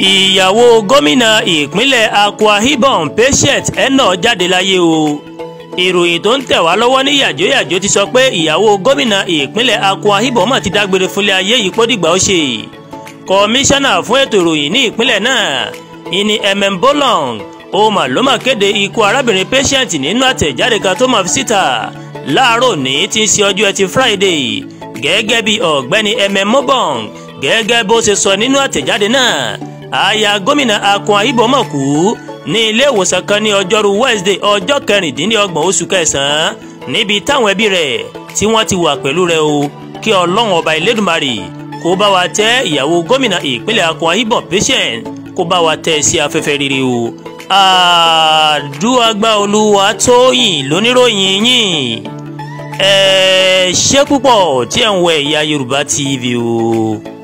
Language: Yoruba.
ìyàwó gómìnà ìpínlẹ̀ Akwa Ibom patient ẹnà jáde láyé o ìròyìn tó ń tẹ̀ wá lọ́wọ́ ní yàjóyàjó ti sọ pé ìyàwó gómìnà ìpínlẹ̀ Akwa Ibom mà ti dágbére ayé yìí kó ó fún ètò ìròyìn ní ìpínlẹ̀ náà ìní mm bolong ló mà kéde ikú arábìnrin nínú àtẹ̀jáde kan tó máa fi láàárọ̀ ní ti ṣe ọjọ́ ẹtì Friday aya gómìnà Akun Abímbọ́mọ̀kú ní ilé ìwòsàn kan ní ọjọ́rú Wednesday ọjọ́ kẹrìndínlọ́gbọ̀n oṣù kẹsàn-án níbi táwọn ẹbí rẹ̀ tí wọ́n ti wà pẹ̀lú rẹ̀ o kí ọlọ́run ọba ìlédùmarè kó bá wa tẹ ìyàwó gómìnà ìpínlẹ̀ Akun Abímbọ́ patient kó bá wa tẹ sí afẹ́fẹ́ rere o àdúràgbà olúwa tóyìn lóníròyìn yìn ẹ ṣé púpọ̀ tí ẹ̀ ń wọ Ẹ̀yà Yorùbá TV o.